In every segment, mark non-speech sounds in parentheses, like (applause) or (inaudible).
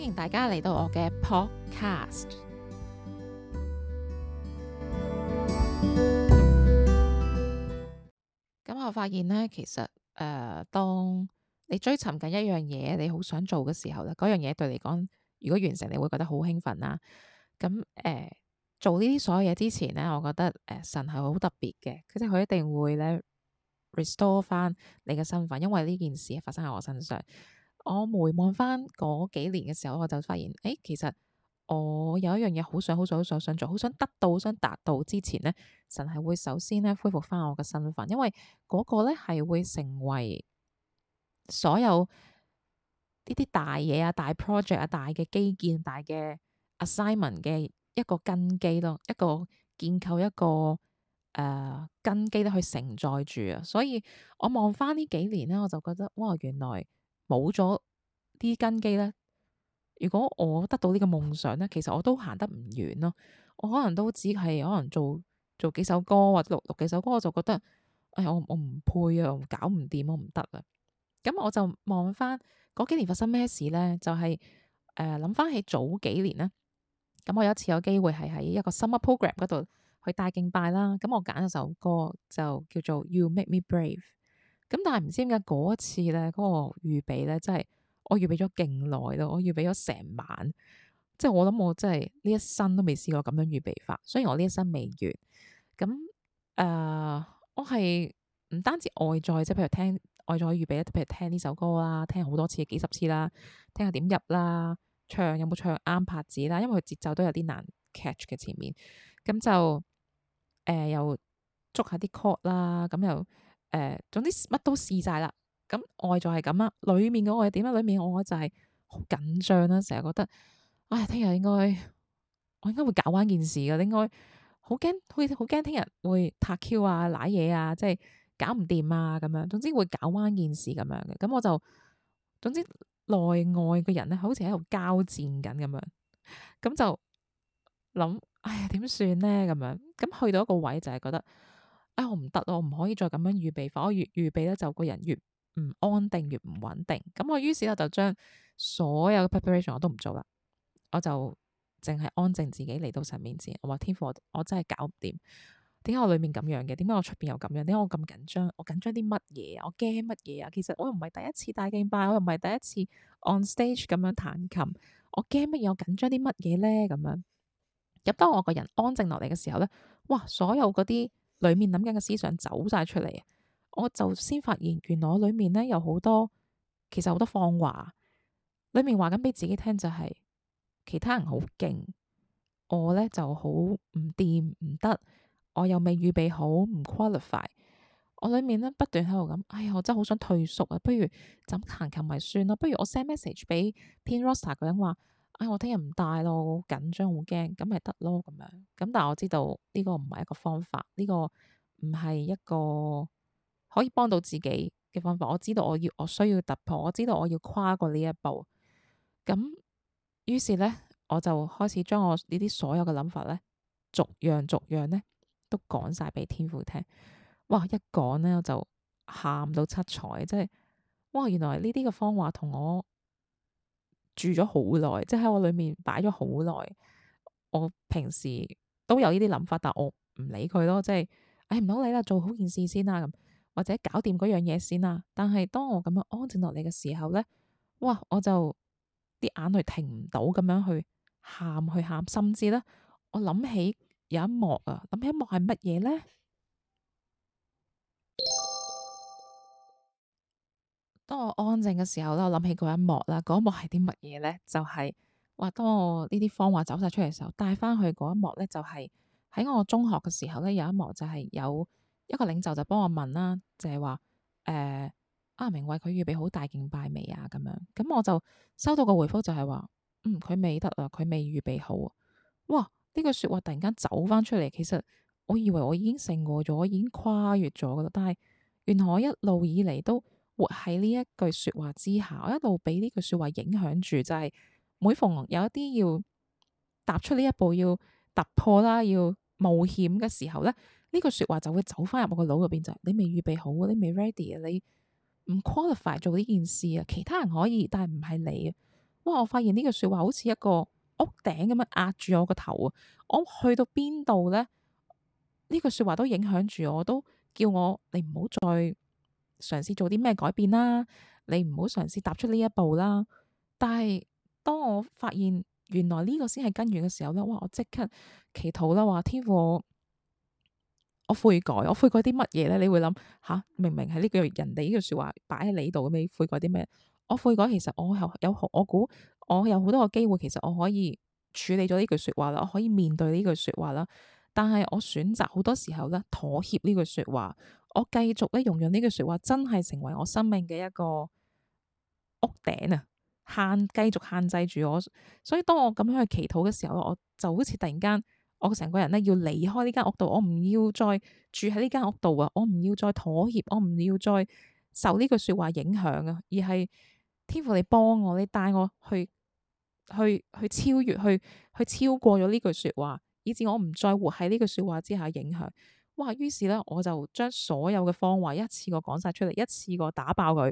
歡迎大家嚟到我嘅 Podcast。咁我發現呢，其實誒、呃，當你追尋緊一樣嘢，你好想做嘅時候咧，嗰樣嘢對你講，如果完成，你會覺得好興奮啦。咁誒、呃，做呢啲所有嘢之前呢，我覺得誒，神係好特別嘅，即係佢一定會咧 restore 翻你嘅身份，因為呢件事發生喺我身上。我回望翻嗰幾年嘅時候，我就發現，誒、哎，其實我有一樣嘢好想、好想、好想、想做，好想得到、想達到之前咧，神係會首先咧恢復翻我嘅身份，因為嗰個咧係會成為所有呢啲大嘢啊、大 project 啊、大嘅基建、大嘅 assignment 嘅一個根基咯，一個建構一個誒、呃、根基咧去承載住啊。所以我望翻呢幾年咧，我就覺得哇，原來，冇咗啲根基呢。如果我得到呢個夢想呢，其實我都行得唔遠咯。我可能都只係可能做做幾首歌或者錄錄幾首歌，我就覺得，哎呀，我我唔配啊，我搞唔掂，我唔得啊。咁我就望翻嗰幾年發生咩事呢？就係誒諗翻起早幾年呢。咁我有一次有機會係喺一個 summer program 嗰度去帶敬拜啦，咁我揀一首歌就叫做 You Make Me Brave。咁但係唔知點解嗰一次咧，嗰、那個預備咧，真係我預備咗勁耐咯，我預備咗成晚，即係我諗我真係呢一生都未試過咁樣預備法，雖然我呢一生未完。咁誒、呃，我係唔單止外在，即譬如聽外在預備，譬如聽呢首歌啦，聽好多次、幾十次啦，聽下點入啦，唱有冇唱啱拍子啦，因為佢節奏都有啲難 catch 嘅前面，咁就誒、呃、又捉下啲 chord 啦，咁又。誒、呃，總之乜都試晒啦，咁外就係咁啦，裏面嘅我係點咧？裏面我就係好緊張啦，成日覺得，唉、哎，聽日應該我應該會搞翻件事嘅，應該好驚，好好驚聽日會拍 Q 啊、瀨嘢啊，即係搞唔掂啊，咁樣，總之會搞翻件事咁樣嘅，咁我就總之內外嘅人咧，好似喺度交戰緊咁樣，咁就諗，唉、哎，點算咧？咁樣，咁去到一個位就係覺得。我唔得咯，我唔可以再咁樣預備法。反我越預備咧，就個人越唔安定，越唔穩定。咁我於是咧就將所有嘅 preparation 我都唔做啦，我就淨係安靜自己嚟，到神面前。我話天父我，我真係搞唔掂，點解我裏面咁樣嘅？點解我出邊又咁樣？點解我咁緊張？我緊張啲乜嘢啊？我驚乜嘢啊？其實我又唔係第一次帶敬拜，我又唔係第一次 on stage 咁樣彈琴。我驚乜嘢？我緊張啲乜嘢咧？咁樣入到我個人安靜落嚟嘅時候咧，哇！所有嗰啲，裏面諗緊嘅思想走晒出嚟，我就先發現，原來我裏面呢有好多，其實好多放話。裏面話緊俾自己聽就係、是、其他人好勁，我呢就好唔掂唔得，我又未預備好唔 qualify。Qual ify, 我裏面呢不斷喺度咁，哎呀，我真係好想退縮啊，不如咁彈琴咪算咯，不如我 send message 俾 team roster 嗰個人話。哎，我聽日唔帶咯，緊張好驚，咁咪得咯咁樣。咁但係我知道呢個唔係一個方法，呢、呢個唔係一個可以幫到自己嘅方法。我知道我要，我需要突破，我知道我要跨過呢一步。咁於是呢，我就開始將我呢啲所有嘅諗法呢，逐樣逐樣呢都講晒俾天父聽。哇！一講呢，我就喊到七彩，即係哇！原來呢啲嘅方法同我。住咗好耐，即喺我裏面擺咗好耐。我平時都有呢啲諗法，但係我唔理佢咯，即係唉，唔好理啦，做好件事先啦，咁或者搞掂嗰樣嘢先啦。但係當我咁樣安靜落嚟嘅時候咧，哇！我就啲眼淚停唔到咁樣去喊去喊，甚至咧我諗起有一幕啊，諗起一幕係乜嘢咧？當我安靜嘅時候咧，我諗起嗰一幕啦。嗰一幕係啲乜嘢咧？就係話，當我呢啲方話走晒出嚟時候，帶翻去嗰一幕咧，就係喺我中學嘅時候咧，有一幕就係有一個領袖就幫我問啦，就係話誒阿明為佢預備好大敬拜未啊？咁樣咁我就收到個回覆就係話嗯佢未得啊，佢未預備好啊。哇！呢句說話突然間走翻出嚟，其實我以為我已經勝過咗，已經跨越咗噶啦，但係原來我一路以嚟都。活喺呢一句說話之下，我一路俾呢句說話影響住，就係每逢有一啲要踏出呢一步，要突破啦、要冒險嘅時候咧，呢句說話就會走翻入我個腦入邊，就係你未預備好啊，你未 ready 啊，你唔 qualify 做呢件事啊，其他人可以，但係唔係你啊。哇！我發現呢句說話好似一個屋頂咁樣壓住我個頭啊！我去到邊度咧，呢句說話都影響住我，都叫我你唔好再。嘗試做啲咩改變啦？你唔好嘗試踏出呢一步啦。但係當我發現原來呢個先係根源嘅時候咧，哇！我即刻祈禱啦，話天父，我悔改，我悔改啲乜嘢咧？你會諗吓，明明係呢句人哋呢句說話擺喺你度，咁你悔改啲咩？我悔改，其實我係有我估，我，我有好多個機會，其實我可以處理咗呢句說話啦，我可以面對呢句說話啦。但係我選擇好多時候咧妥協呢句說話。我繼續咧容忍呢句說話，真係成為我生命嘅一個屋頂啊，限繼續限制住我。所以當我咁樣去祈禱嘅時候，我就好似突然間，我成個人咧要離開呢間屋度，我唔要再住喺呢間屋度啊，我唔要再妥協，我唔要再受呢句說話影響啊，而係天父，你幫我，你帶我去，去去超越，去去超過咗呢句說話，以致我唔再活喺呢句說話之下影響。哇！於是咧，我就將所有嘅謊話一次過講晒出嚟，一次過打爆佢，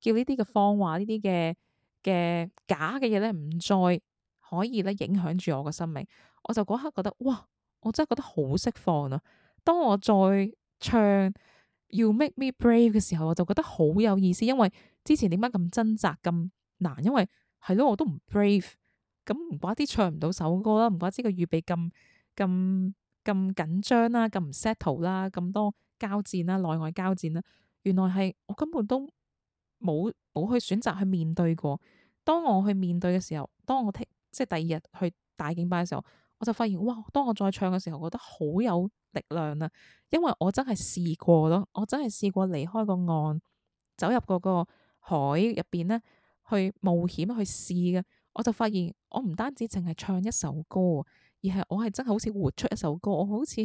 叫呢啲嘅謊話、呢啲嘅嘅假嘅嘢咧，唔再可以咧影響住我嘅生命。我就嗰刻覺得，哇！我真係覺得好釋放啊！當我再唱《You Make Me Brave》嘅時候，我就覺得好有意思，因為之前點解咁掙扎、咁難？因為係咯，我都唔 brave，咁唔怪啲唱唔到首歌啦，唔怪之佢預備咁咁。咁緊張啦，咁唔 settle 啦，咁多交戰啦，內外交戰啦。原來係我根本都冇冇去選擇去面對過。當我去面對嘅時候，當我聽即係第二日去大敬拜嘅時候，我就發現哇！當我再唱嘅時候，我覺得好有力量啊，因為我真係試過咯，我真係試過離開個岸，走入嗰個海入邊咧，去冒險去試嘅。我就發現我唔單止淨係唱一首歌。而係我係真係好似活出一首歌，我好似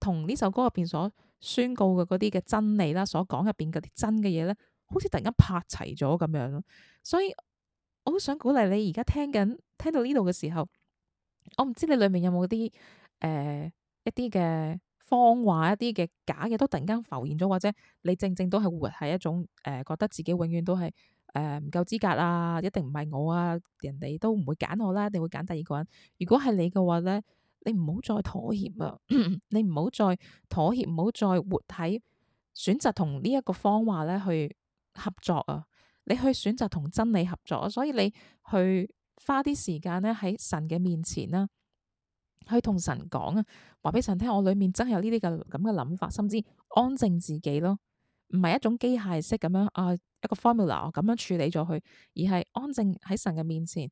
同呢首歌入邊所宣告嘅嗰啲嘅真理啦，所講入邊嗰啲真嘅嘢咧，好似突然間拍齊咗咁樣咯。所以我好想鼓勵你，而家聽緊聽到呢度嘅時候，我唔知你裏面有冇啲誒一啲嘅謊話，一啲嘅假嘅都突然間浮現咗，或者你正正都係活喺一種誒、呃，覺得自己永遠都係。誒，唔夠資格啊！一定唔係我啊，人哋都唔會揀我啦，一定會揀第二個人。如果係你嘅話咧，你唔好再妥協啊！ (coughs) 你唔好再妥協，唔好再活喺選擇同呢一個方法咧去合作啊！你去選擇同真理合作、啊，所以你去花啲時間咧喺神嘅面前啦、啊，去同神講啊，話俾神聽，我裏面真係有呢啲嘅咁嘅諗法，甚至安靜自己咯。唔係一種機械式咁樣啊，一個 formula 咁樣處理咗佢，而係安靜喺神嘅面前，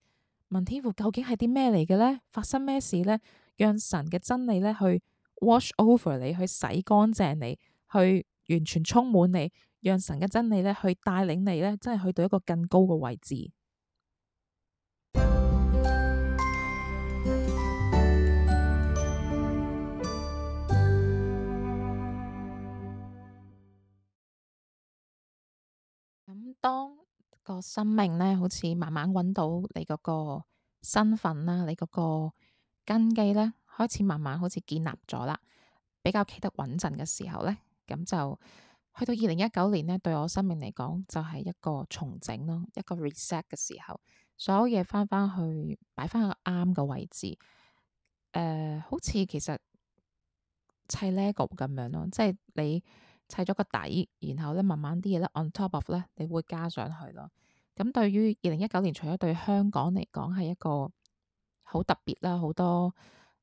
問天父究竟係啲咩嚟嘅咧？發生咩事咧？讓神嘅真理咧去 wash over 你，去洗乾淨你，去完全充滿你，讓神嘅真理咧去帶領你咧，真係去到一個更高嘅位置。當個生命咧，好似慢慢揾到你嗰個身份啦，你嗰個根基咧，開始慢慢好似建立咗啦，比較企得穩陣嘅時候咧，咁就去到二零一九年咧，對我生命嚟講就係一個重整咯，一個 reset 嘅時候，所有嘢翻翻去擺翻個啱嘅位置，誒、呃，好似其實砌 lego 咁樣咯，即係你。砌咗個底，然後咧慢慢啲嘢咧。On top of 咧，你會加上去咯。咁對於二零一九年，除咗對香港嚟講係一個好特別啦，好多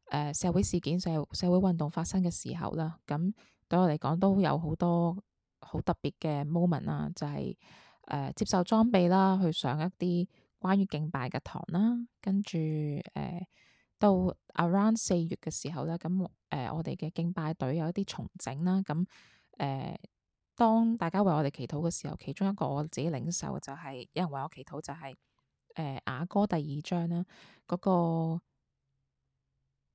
誒、呃、社會事件、社會社會運動發生嘅時候啦。咁對我嚟講都有好多好特別嘅 moment 啦、就是，就係誒接受裝備啦，去上一啲關於敬拜嘅堂啦，跟住誒、呃、到 around 四月嘅時候咧，咁誒、呃、我哋嘅敬拜隊有一啲重整啦，咁。誒、呃，當大家為我哋祈禱嘅時候，其中一個我自己領受嘅就係、是，有人為我祈禱就係、是，誒雅歌第二章啦，嗰、那個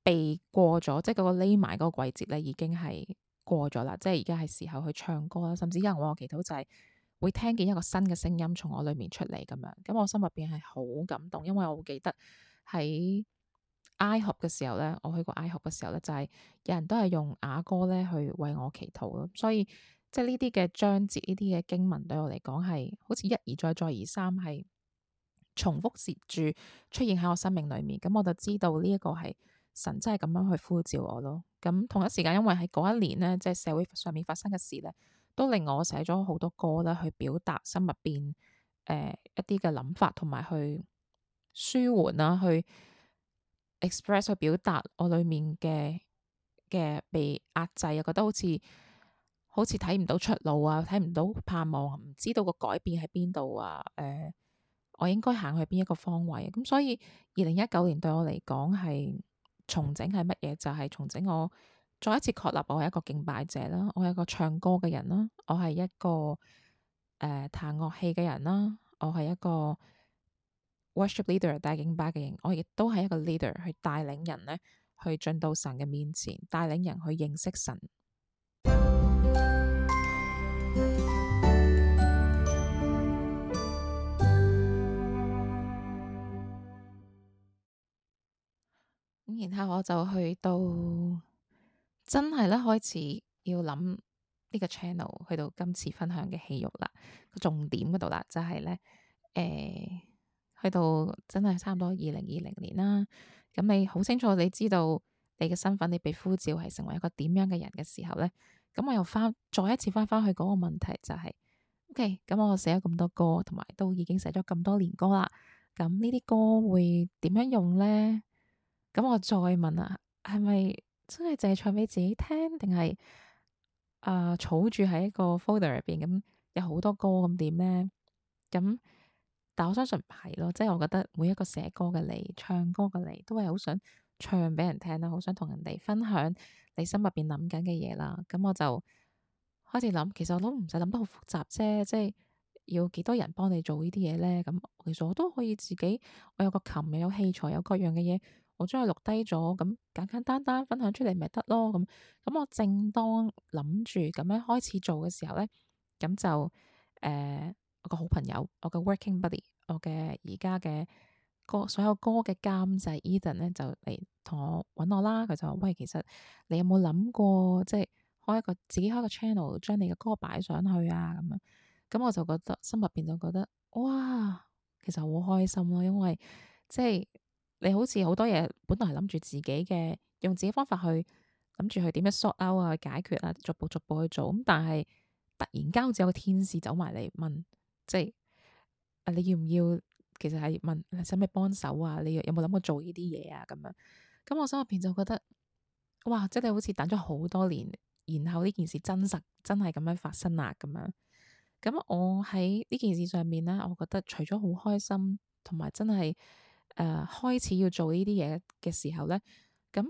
被過咗，即係嗰個匿埋嗰個季節咧，已經係過咗啦，即係而家係時候去唱歌啦。甚至有人為我祈禱就係，會聽見一個新嘅聲音從我裏面出嚟咁樣，咁我心入邊係好感動，因為我記得喺。哀合嘅時候呢，我去過哀合嘅時候呢，就係、是、有人都係用雅歌呢去為我祈禱咯。所以即係呢啲嘅章節，呢啲嘅經文對我嚟講係好似一而再，再而三係重複接住出現喺我生命裏面。咁我就知道呢一個係神真係咁樣去呼召我咯。咁同一時間，因為喺嗰一年呢，即係社會上面發生嘅事呢，都令我寫咗好多歌啦，去表達心入邊誒一啲嘅諗法，同埋去舒緩啦、啊，去。express 去表達我裏面嘅嘅被壓制啊，我覺得好似好似睇唔到出路啊，睇唔到盼望，唔知道個改變喺邊度啊？誒、呃，我應該行去邊一個方位？咁所以二零一九年對我嚟講係重整係乜嘢？就係、是、重整我再一次確立我係一個敬拜者啦，我係一個唱歌嘅人啦，我係一個誒、呃、彈樂器嘅人啦，我係一個。worship leader 帶領敬拜嘅人，我亦都係一個 leader 去帶領人呢，去進到神嘅面前，帶領人去認識神。咁，然後我就去到真係咧，開始要諗呢個 channel 去到今次分享嘅戲肉啦，個重點嗰度啦，就係、是、咧，誒。去到真係差唔多二零二零年啦，咁你好清楚你知道你嘅身份，你被呼召係成為一個點樣嘅人嘅時候呢。咁我又翻再一次翻返去嗰個問題就係，OK，咁我寫咗咁多歌，同埋都已經寫咗咁多年歌啦，咁呢啲歌會點樣用呢？咁我再問啊，係咪真係淨係唱俾自己聽，定係啊儲住喺一個 folder 入邊，咁有好多歌咁點呢？咁。但我相信唔係咯，即係我覺得每一個寫歌嘅你、唱歌嘅你，都係好想唱俾人聽啦，好想同人哋分享你心入邊諗緊嘅嘢啦。咁我就開始諗，其實我諗唔使諗得好複雜啫，即係要幾多人幫你做呢啲嘢咧？咁其實我都可以自己，我有個琴，有個器材，有各樣嘅嘢，我將佢錄低咗，咁簡簡單單分享出嚟咪得咯。咁咁我正當諗住咁樣開始做嘅時候咧，咁就誒。呃我個好朋友，我嘅 working buddy，我嘅而家嘅歌所有歌嘅監製 Eden 咧，就嚟同我揾我啦。佢就話：喂，其實你有冇諗過，即係開一個自己開個 channel，將你嘅歌擺上去啊咁樣？咁我就覺得心入邊就覺得，哇，其實好開心咯，啊，因為即係你好似好多嘢本來係諗住自己嘅，用自己方法去諗住去點樣 short out 啊，去解決啊，逐步逐步去做。咁但係突然間好似有個天使走埋嚟問。即係，你要唔要？其實係問使唔使幫手啊？你有冇諗過做呢啲嘢啊？咁樣，咁我心入邊就覺得，哇！即係你好似等咗好多年，然後呢件事真實真係咁樣發生啦，咁樣。咁我喺呢件事上面咧，我覺得除咗好開心，同埋真係誒、呃、開始要做呢啲嘢嘅時候咧，咁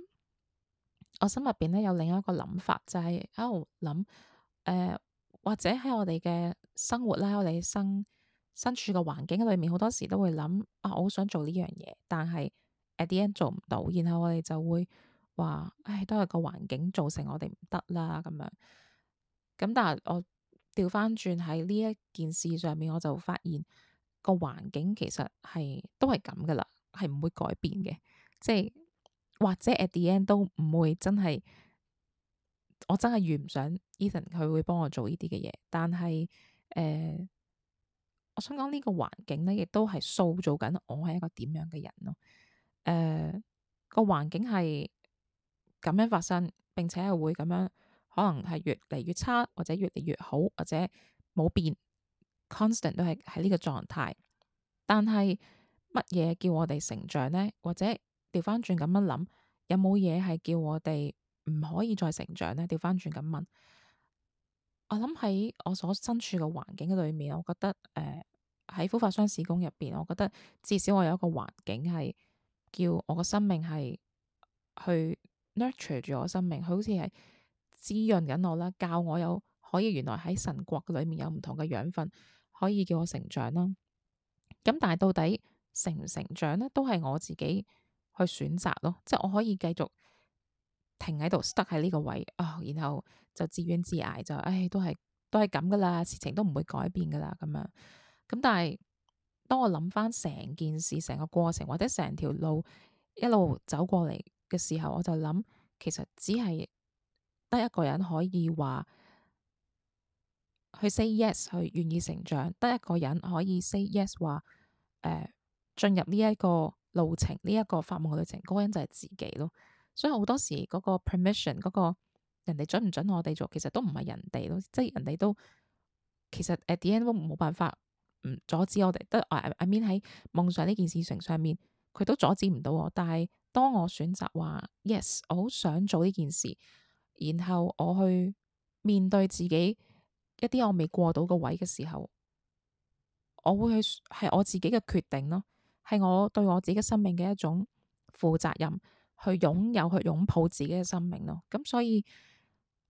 我心入邊咧有另一個諗法，就係喺度諗誒，或者喺我哋嘅生活啦，我哋生身，身處個環境裏面，好多時都會諗啊，我好想做呢樣嘢，但係 at the end 做唔到，然後我哋就會話唉、哎，都係個環境造成我哋唔得啦咁樣。咁但係我調翻轉喺呢一件事上面，我就發現個環境其實係都係咁噶啦，係唔會改變嘅，即係或者 at the end 都唔會真係我真係遇唔上 Ethan 佢會幫我做呢啲嘅嘢，但係。誒、呃，我想講呢個環境呢，亦都係塑造緊我係一個點樣嘅人咯。誒、呃，個環境係咁樣發生，並且係會咁樣，可能係越嚟越差，或者越嚟越好，或者冇變，constant 都係喺呢個狀態。但係乜嘢叫我哋成長呢？或者調翻轉咁樣諗，有冇嘢係叫我哋唔可以再成長呢？調翻轉咁問。我諗喺我所身處嘅環境裏面，我覺得誒，喺孵化雙事工入邊，我覺得至少我有一個環境係叫我個生命係去 nurture 住我生命，佢好似係滋潤緊我啦，教我有可以原來喺神國嘅裏面有唔同嘅養分，可以叫我成長啦。咁但係到底成唔成長咧，都係我自己去選擇咯，即係我可以繼續。停喺度，stuck 喺呢個位啊，哦，然後就自怨自艾，就，哎，唉，都係都係咁噶啦，事情都唔會改變噶啦咁樣。咁但係當我諗翻成件事，成個過程或者成條路一路走過嚟嘅時候，我就諗，其實只係得一個人可以話去 say yes，去願意成長，得一個人可以 say yes 話誒，呃，進入呢一個路程呢一，呢個發夢嘅旅程，嗰，嗰個人就係自己咯。所以好多時嗰個 permission，嗰個人哋准唔准我哋做，其實都唔係人哋咯，即係人哋都其實 at the end 都冇辦法唔阻止我哋。得，I mean 喺夢想呢件事情上面，佢都阻止唔到我。但係當我選擇話 yes，我好想做呢件事，然後我去面對自己一啲我未過到個位嘅時候，我會去係我自己嘅決定咯，係我對我自己生命嘅一種負責任。去擁有，去擁抱自己嘅生命咯。咁所以，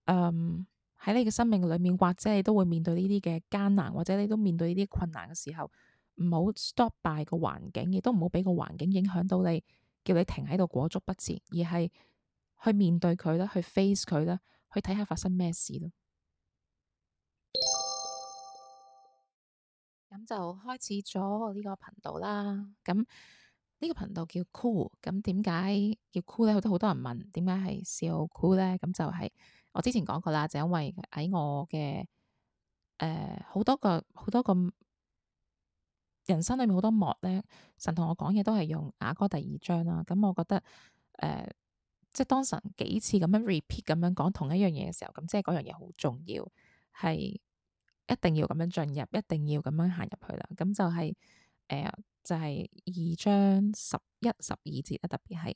嗯、呃，喺你嘅生命裏面，或者你都會面對呢啲嘅艱難，或者你都面對呢啲困難嘅時候，唔好 stop by 個環境，亦都唔好俾個環境影響到你，叫你停喺度裹足不前，而係去面對佢啦，去 face 佢啦，去睇下發生咩事咯。咁就開始咗呢個頻道啦。咁。呢個頻道叫 Cool，咁點解叫 Cool 咧？好多好多人問，點解係笑 Cool 咧？咁就係、是、我之前講過啦，就是、因為喺我嘅誒好多個好多個人生裏面好多幕咧，神同我講嘢都係用雅歌第二章啦。咁我覺得誒，即、呃、係、就是、當神幾次咁樣 repeat 咁樣講同一樣嘢嘅時候，咁即係嗰樣嘢好重要，係一定要咁樣進入，一定要咁樣行入去啦。咁就係、是、誒。呃就係二章十一、十二節啊，特別係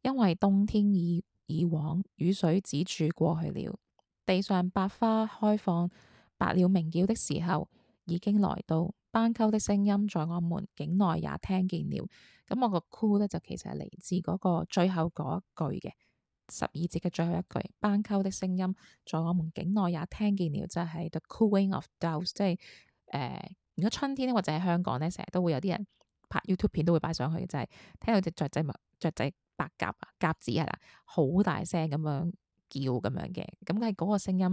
因為冬天以以往雨水止住過去了，地上百花開放，百鳥鳴叫的時候已經來到，斑鳩的聲音在我們境內也聽見了。咁、嗯、我個 cool 咧就其實係嚟自嗰個最後嗰一句嘅十二節嘅最後一句，斑鳩的聲音在我們境內也聽見了，就係、是、the cooing of doves 即係誒、呃，如果春天或者喺香港咧，成日都會有啲人。拍 YouTube 片都會擺上去，就係、是、聽到隻雀仔物雀仔白鴿啊鴿子係啦，好大聲咁樣叫咁樣嘅，咁係嗰個聲音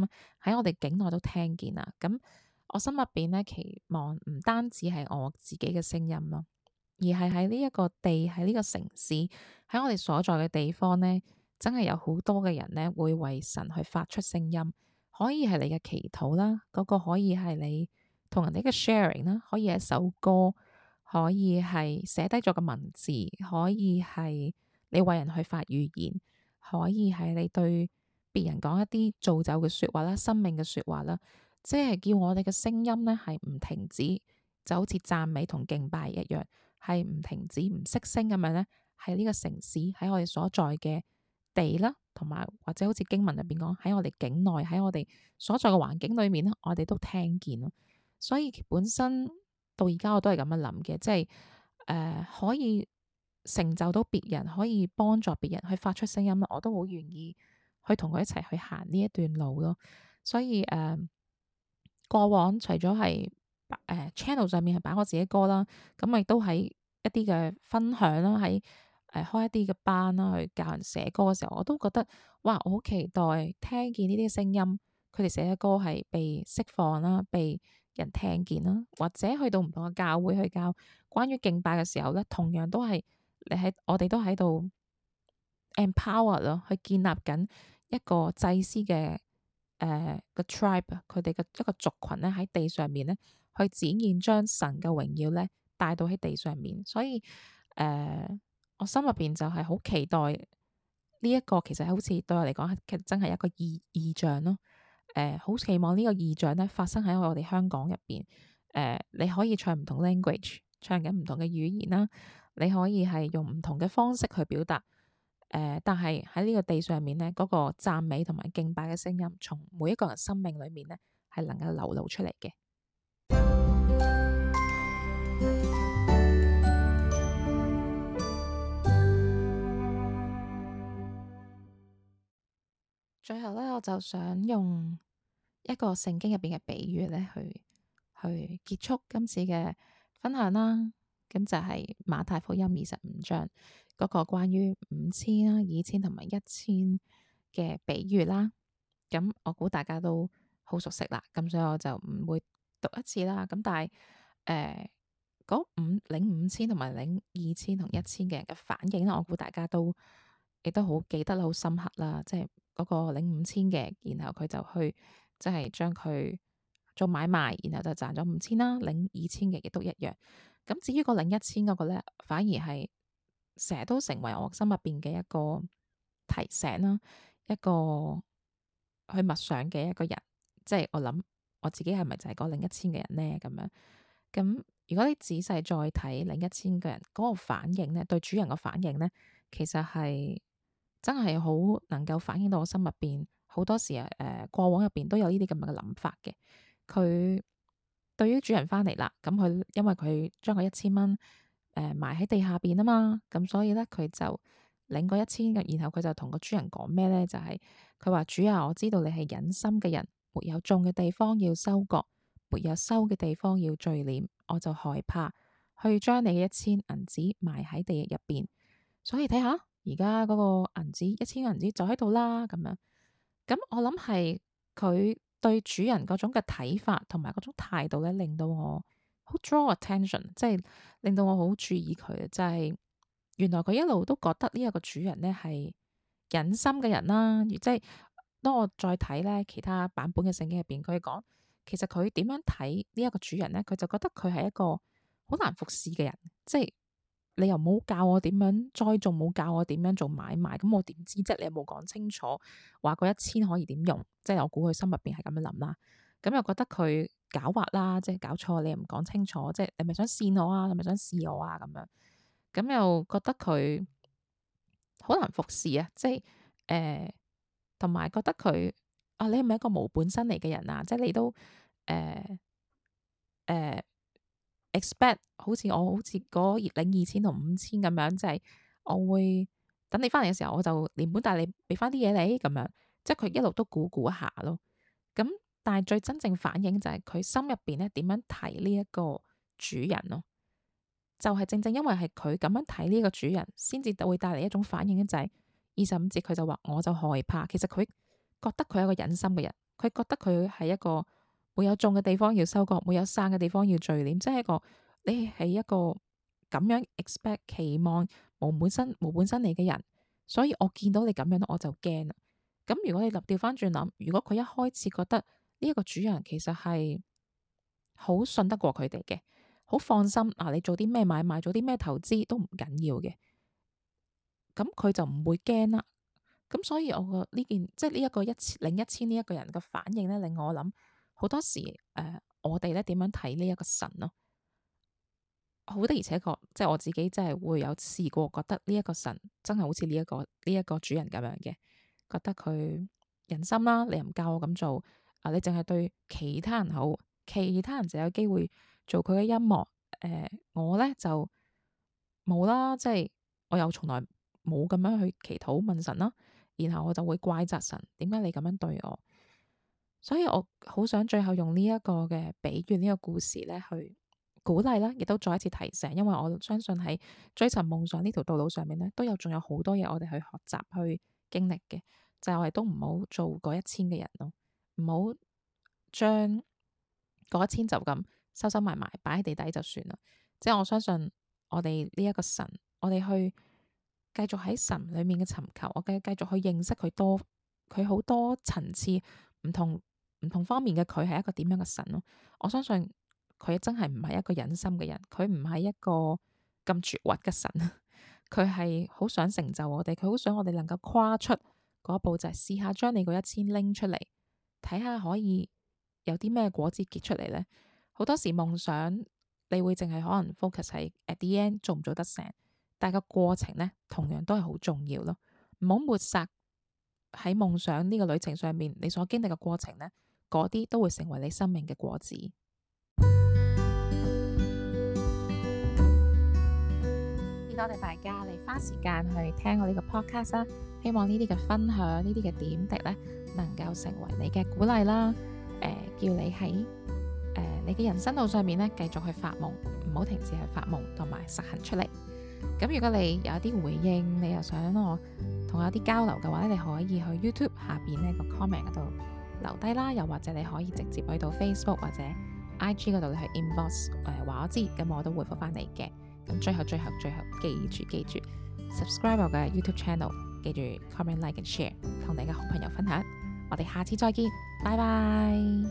喺我哋境內都聽見啦。咁我心入邊咧期望唔單止係我自己嘅聲音咯，而係喺呢一個地喺呢個城市喺我哋所在嘅地方咧，真係有好多嘅人咧會為神去發出聲音，可以係你嘅祈禱啦，嗰、那個可以係你同人哋嘅 sharing 啦，可以係一首歌。可以係寫低咗個文字，可以係你為人去發預言，可以係你對別人講一啲造就嘅説話啦、生命嘅説話啦，即係叫我哋嘅聲音咧係唔停止，就好似讚美同敬拜一樣，係唔停止、唔息聲咁樣咧，喺呢個城市喺我哋所在嘅地啦，同埋或者好似經文入邊講喺我哋境內喺我哋所在嘅環境裡面，咧我哋都聽見咯，所以本身。到而家我都係咁樣諗嘅，即係誒、呃、可以成就到別人，可以幫助別人去發出聲音啦。我都好願意去同佢一齊去行呢一段路咯。所以誒、呃、過往除咗係誒 channel 上面係擺我自己歌啦，咁亦都喺一啲嘅分享啦，喺誒、呃、開一啲嘅班啦，去教人寫歌嘅時候，我都覺得哇，我好期待聽見呢啲聲音，佢哋寫嘅歌係被釋放啦，被。人聽見啦，或者去到唔同嘅教會去教關於敬拜嘅時候咧，同樣都係你喺我哋都喺度 empower 咯，去建立緊一個祭司嘅誒、呃、個 tribe，佢哋嘅一個族群咧喺地上面咧，去展現將神嘅榮耀咧帶到喺地上面。所以誒、呃，我心入邊就係好期待呢一、這個，其實好似對我嚟講，其實真係一個異異象咯。誒，好期、呃、望呢個異象咧發生喺我哋香港入邊。誒、呃，你可以唱唔同 language，唱緊唔同嘅語言啦。你可以係用唔同嘅方式去表達。誒、呃，但係喺呢個地上面咧，嗰、那個讚美同埋敬拜嘅聲音，從每一個人生命裏面咧，係能夠流露出嚟嘅。最後咧，我就想用一個聖經入邊嘅比喻咧，去去結束今次嘅分享啦。咁就係、是、馬太福音二十五章嗰、那個關於五千啦、二千同埋一千嘅比喻啦。咁我估大家都好熟悉啦，咁所以我就唔會讀一次啦。咁但係誒，五、呃那個、領五千同埋領二千同一千嘅人嘅反應咧，我估大家都亦都好記得好深刻啦，即係。嗰個領五千嘅，然後佢就去即係將佢做買賣，然後就賺咗五千啦。領二千嘅亦都一樣。咁至於個領一千嗰個呢，反而係成日都成為我心入邊嘅一個提醒啦，一個去默想嘅一個人。即係我諗我自己係咪就係個領一千嘅人呢？咁樣。咁如果你仔細再睇領一千嘅人嗰個反應呢，對主人嘅反應呢，其實係，真係好能夠反映到我心入邊，好多時啊，誒、呃、過往入邊都有呢啲咁嘅諗法嘅。佢對於主人翻嚟啦，咁佢因為佢將個一千蚊誒、呃、埋喺地下邊啊嘛，咁所以咧佢就領個一千，然後佢就同個主人講咩咧，就係佢話主啊，我知道你係忍心嘅人，沒有種嘅地方要收割，沒有收嘅地方要聚斂，我就害怕去將你嘅一千銀紙埋喺地入邊，所以睇下。看看而家嗰個銀紙一千個銀紙就喺度啦，咁樣，咁我諗係佢對主人嗰種嘅睇法同埋嗰種態度咧，令到我好 draw attention，即係令到我好注意佢，就係原來佢一路都覺得呢一個主人咧係忍心嘅人啦，即係當我再睇咧其他版本嘅聖經入邊，佢講其實佢點樣睇呢一個主人咧，佢就覺得佢係一個好難服侍嘅人，即係。你又冇教我點樣再仲冇教我點樣做買賣，咁我點知？即係你有冇講清楚？話嗰一千可以點用？即係我估佢心入邊係咁樣諗啦。咁又覺得佢狡猾啦，即係搞錯，你又唔講清楚，即係你咪想騙我啊？你咪想試我啊？咁樣，咁又覺得佢好難服侍啊！即係誒，同、呃、埋覺得佢啊，你係咪一個冇本身嚟嘅人啊？即係你都誒誒。呃呃 expect 好似我好似嗰月領二千同五千咁樣，就係我會等你翻嚟嘅時候，我就連本帶利俾翻啲嘢你咁樣，即係佢一路都估估下咯。咁但係最真正反映就係佢心入邊咧點樣睇呢一個主人咯，就係正正因為係佢咁樣睇呢個主人，先至會帶嚟一種反應，就係二十五節佢就話我就害怕。其實佢覺得佢係一個忍心嘅人，佢覺得佢係一個。沒有種嘅地方要收割，沒有散嘅地方要聚斂，即係一個你係一個咁樣 expect 期望、冇本身、冇本身嚟嘅人，所以我見到你咁樣，我就驚啦。咁如果你立掉翻轉諗，如果佢一開始覺得呢一個主人其實係好信得過佢哋嘅，好放心嗱、啊，你做啲咩買賣，做啲咩投資都唔緊要嘅，咁佢就唔會驚啦。咁所以我個呢件即係呢一個一千領一千呢一個人嘅反應咧，令我諗。好多時，誒、呃，我哋咧點樣睇呢一個神咯？好的，而且確即係我自己，真係會有試過覺得呢一個神真係好似呢一個呢一、呢個主人咁樣嘅，覺得佢人心啦，你唔教我咁做啊、呃，你淨係對其他人好，其他人就有機會做佢嘅音樂，誒、呃，我咧就冇啦，即係我又從來冇咁樣去祈禱問神啦，然後我就會怪責神，點解你咁樣對我？所以我好想最後用呢一個嘅比喻呢、呢個故事咧去鼓勵啦，亦都再一次提醒，因為我相信喺追尋夢想呢條道路上面咧，都有仲有好多嘢我哋去學習去經歷嘅，就係我哋都唔好做嗰一千嘅人咯，唔好將嗰一千就咁收收埋埋擺喺地底就算啦。即係我相信我哋呢一個神，我哋去繼續喺神裏面嘅尋求，我繼繼續去認識佢多佢好多層次唔同。唔同方面嘅佢係一個點樣嘅神咯？我相信佢真係唔係一個忍心嘅人，佢唔係一個咁絕核嘅神。佢係好想成就我哋，佢好想我哋能夠跨出嗰一步，就係試下將你嗰一千拎出嚟，睇下可以有啲咩果子結出嚟咧。好多時夢想你會淨係可能 focus 係 at the end，啲嘢做唔做得成，但個過程咧同樣都係好重要咯。唔好抹殺喺夢想呢個旅程上面你所經歷嘅過程咧。嗰啲都會成為你生命嘅果子。多謝大家你花時間去聽我呢個 podcast 啦，希望呢啲嘅分享，呢啲嘅點滴呢，能夠成為你嘅鼓勵啦、呃。叫你喺、呃、你嘅人生路上面呢，繼續去發夢，唔好停止去發夢，同埋實行出嚟。咁如果你有啲回應，你又想我同我有啲交流嘅話，你可以去 YouTube 下邊呢個 comment 度。留低啦，又或者你可以直接去到 Facebook 或者 IG 嗰度去 inbox 誒、呃、話我知，咁我都回覆翻你嘅。咁最後最後最後記住記住 subscribe 我嘅 YouTube channel，記住 comment like and share，同你嘅好朋友分享。我哋下次再見，拜拜。